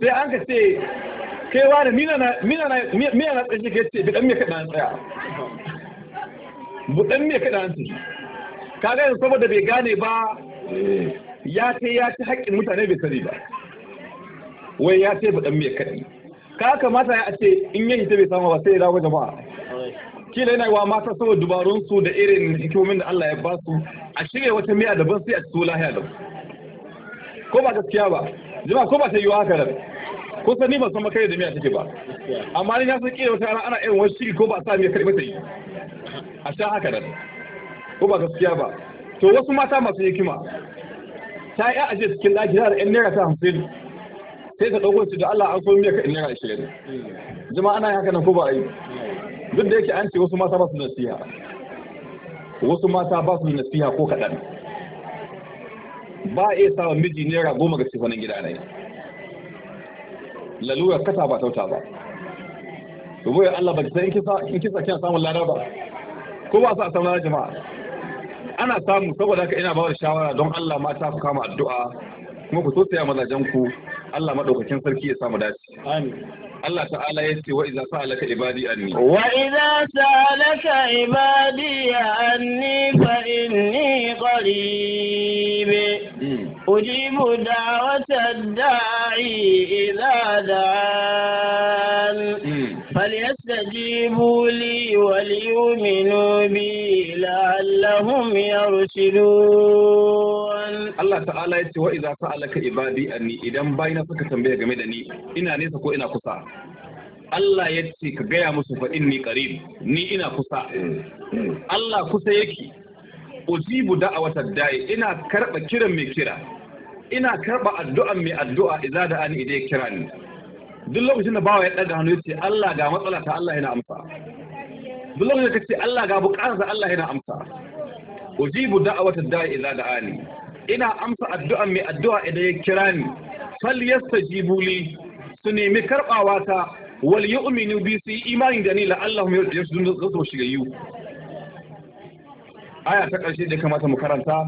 sai an ka sai kai ne mina na mina na mina na tsaye kai ce bi dan me kada tsaya bu dan me kada tsaya kaga yanzu saboda bai gane ba ya ce ya ci haƙƙin mutane bai sani ba wai ya ce bu dan me kada ka kamata ya ce in yayi ta bai samu ba sai ya dawo jama'a kila yana wa mata saboda dubarun su da irin hikimomin da Allah ya ba su a shirya wata miya daban sai a ci lahiya da ko ba gaskiya ba jama'a ko ba ta yi haka da ko sani ban san makarai da miya take ba amma ni na san kira wata ana irin wani shiri ko ba a sa miya karɓi ta yi a sha haka nan ko ba gaskiya ba to wasu mata masu hikima ta yi aje cikin ɗaki da yan naira ta hamsin sai ta ɗauko su da Allah an so miya ka naira ashirin jama'a ana haka nan ko ba a yi duk da yake an ce wasu mata ba su nasiha wasu mata ba su nasiha ko kaɗan ba a iya samun miji naira goma ga sifanin gida na yi lalurar kasa ba tauta ba rubu ya Allah ba san in kisa kina samun lada ba ko ba sa samun lada jama'a ana samu saboda haka ina ba da shawara don Allah ma ta kama addu'a kuma ku so tausaya mazajen ku Allah madaukakin sarki ya samu dace amin Allah ta'ala ya ce wa iza sa'alaka ibadi anni wa iza sa'alaka ibadi anni fa inni qarib hmm. أجيب دعوة الداعي إذا دعان فليستجيبوا لي وليؤمنوا بي لعلهم يرشدون Allah ta'ala ya ce wa idza sa'alaka ibadi anni idan bayina suka tambaya game da ni ina nesa ko ina kusa Allah ya ce ka gaya musu fa inni qarib ni ina kusa Allah kusa yake a da'awatad da'i ina karɓa kiran mai kira ina karɓa addu'an mai addu'a idza da ani idai kira ni duk lokacin da bawa ya ɗaga hannu yace Allah ga matsala ta Allah yana amsa duk lokacin da kace Allah ga bukatar sa Allah yana amsa ujibu da'awatad da'i idza da ani ina amsa addu'an mai addu'a idan ya kira ni Fal falyastajibu li su nemi karbawa ta wal yu'minu bi su imani da ni Allah la'allahum yasdun ga shigayyu aya ta ƙarshe da kamata mu karanta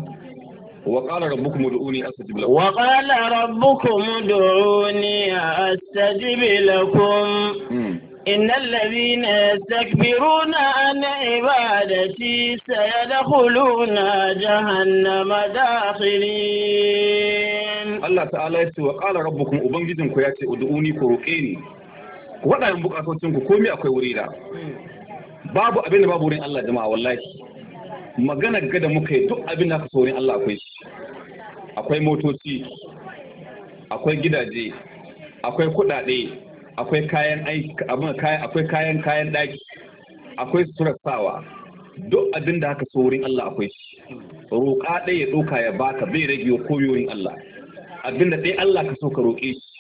wa qala rabbukum ud'uni astajib lakum wa qala rabbukum ud'uni astajib الذين يستكبرون عن عبادتي سيدخلون جهنم داخلين الله تعالى يسوى قال ربكم أبنجدن كياتي أدعوني كروكيني waɗannan bukatotin ku komai akwai wuri da hmm. babu abin babu wurin Allah jama'a magana gada muka yi duk abin da aka saurin Allah akwai shi akwai motoci akwai gidaje akwai kudade akwai kayan aiki akwai kayan kayan daki akwai surasawa duk abin da haka saurin Allah akwai shi roƙa ɗaya ya ɗauka ya baka bai rage wa koyoyin Allah abin da ɗaya Allah ka so ka roƙe shi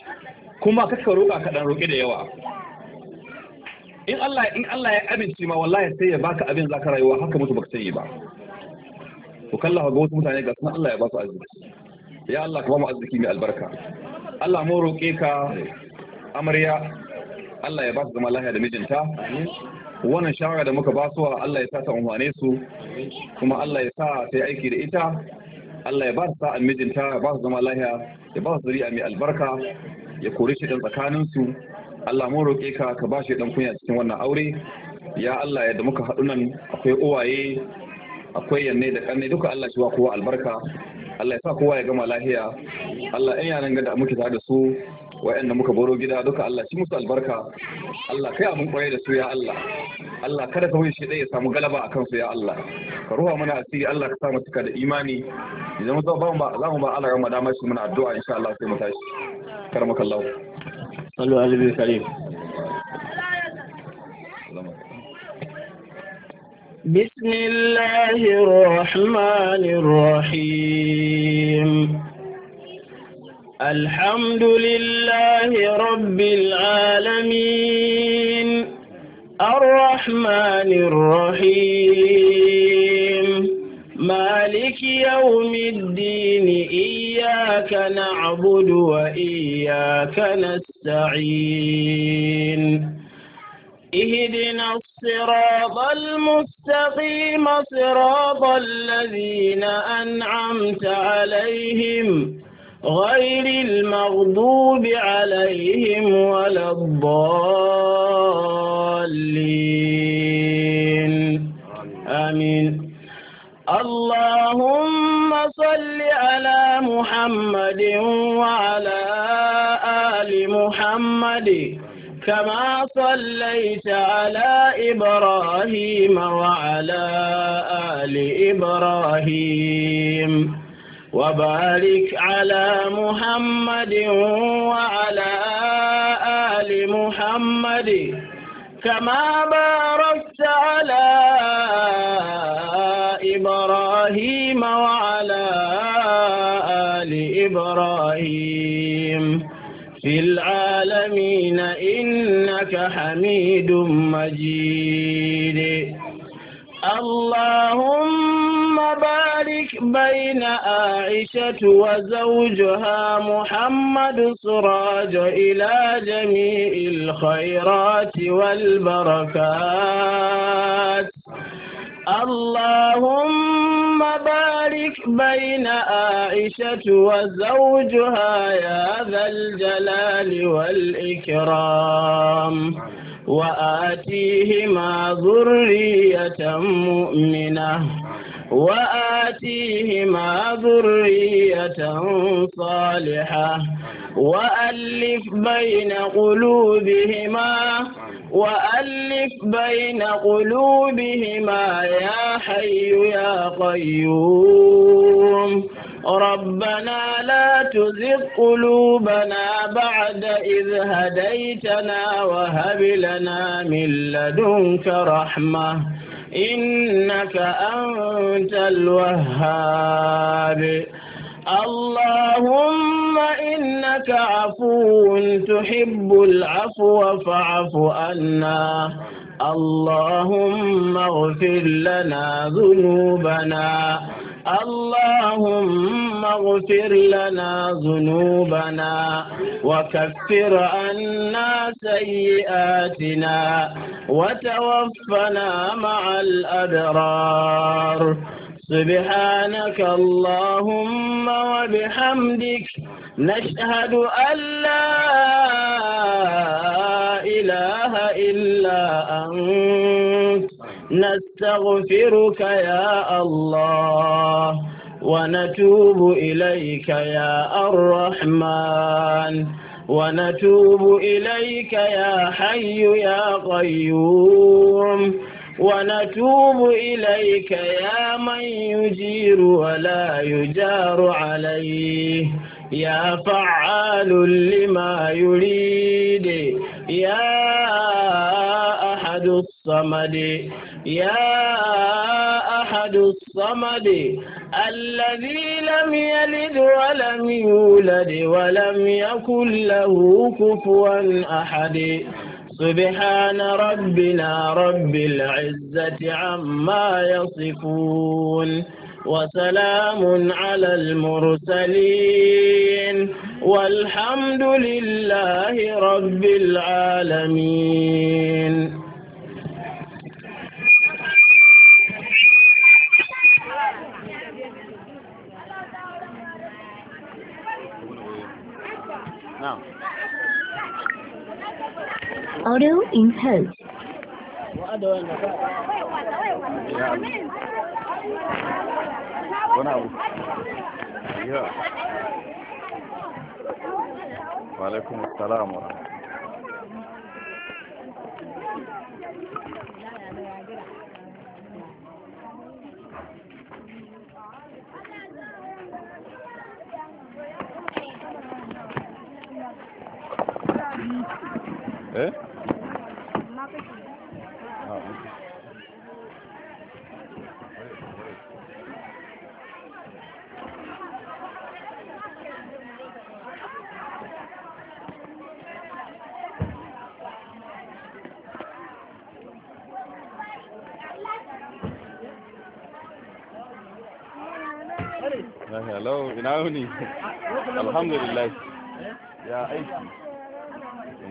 kuma ka roƙa ka dan roƙe da yawa in Allah in Allah ya amince ma wallahi sai ya baka abin zaka rayuwa haka mutu baka sani ba to kallaha ga wasu mutane ga sunan Allah ya ba su arziki ya Allah ka ba mu arziki mai albarka Allah mu roƙe ka amarya Allah ya ba su zama lahiya da mijinta wannan shawara da muka ba su Allah ya sa ta umhane su kuma Allah ya sa ta aiki da ita Allah ya ba su sa'an mijinta ya ba su zama lahiya ya ba su zuri'a mai albarka ya kori shi tsakanin su Allah mun roƙe ka ka ba shi dan kunya cikin wannan aure ya Allah yadda muka haɗu nan akwai uwaye akwai yanne da kanne duka Allah shi wa kowa albarka Allah ya sa kowa ya gama lahiya Allah ɗan yaran gada muke tare da su wa'anda muka boro gida duka Allah shi musu albarka Allah kai abin kwaye da su ya Allah Allah kada ka wuce ɗaya ya samu galaba a kansu ya Allah ka ruwa mana asiri Allah ka sa mu cika da imani idan mu ba za mu ba Allah rama dama shi muna addu'a insha Allah sai mu tashi karamakallahu صلوا على النبي الكريم بسم الله الرحمن الرحيم الحمد لله رب العالمين الرحمن الرحيم مالك يوم الدين إياك نعبد وإياك نستعين المستعين اهدنا الصراط المستقيم صراط الذين أنعمت عليهم غير المغضوب عليهم ولا الضالين آمين اللهم صل على محمد وعلى آله محمد كما صليت على إبراهيم وعلى آل إبراهيم وبارك على محمد وعلى آل محمد كما باركت على إبراهيم وعلى آل إبراهيم في العالمين إنك حميد مجيد اللهم بارك بين عائشة وزوجها محمد سراج إلى جميع الخيرات والبركات اللهم بارك بين عائشة وزوجها يا ذا الجلال والإكرام وآتيهما ذرية مؤمنة وآتيهما ذرية صالحة وألف بين قلوبهما وألف بين قلوبهما يا حي يا قيوم ربنا لا تزغ قلوبنا بعد إذ هديتنا وهب لنا من لدنك رحمة إنك أنت الوهاب اللهم إنك عفو تحب العفو فاعف عنا اللهم اغفر لنا ذنوبنا اللهم اغفر لنا ذنوبنا وكفر عنا سيئاتنا وتوفنا مع الأبرار سبحانك اللهم وبحمدك نشهد أن لا إله إلا أنت نستغفرك يا الله ونتوب إليك يا الرحمن ونتوب إليك يا حي يا قيوم ونتوب إليك يا من يجير ولا يجار عليه يا فعال لما يريد يا أحد الصمد يا أحد الصمد الذي لم يلد ولم يولد ولم يكن له كفوا أحد سبحان ربنا رب العزة عما يصفون وسلام على المرسلين والحمد لله رب العالمين نعم audio input. وعليكم السلام ورحمة ايه lahiya lau ina wuni alhamdulillah ya aiki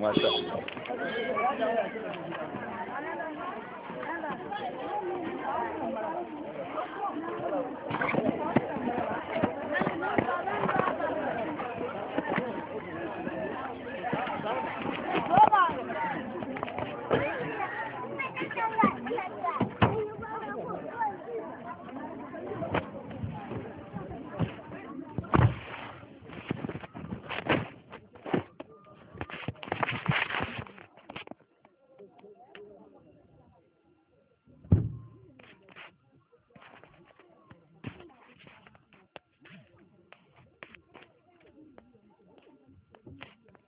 masha Allah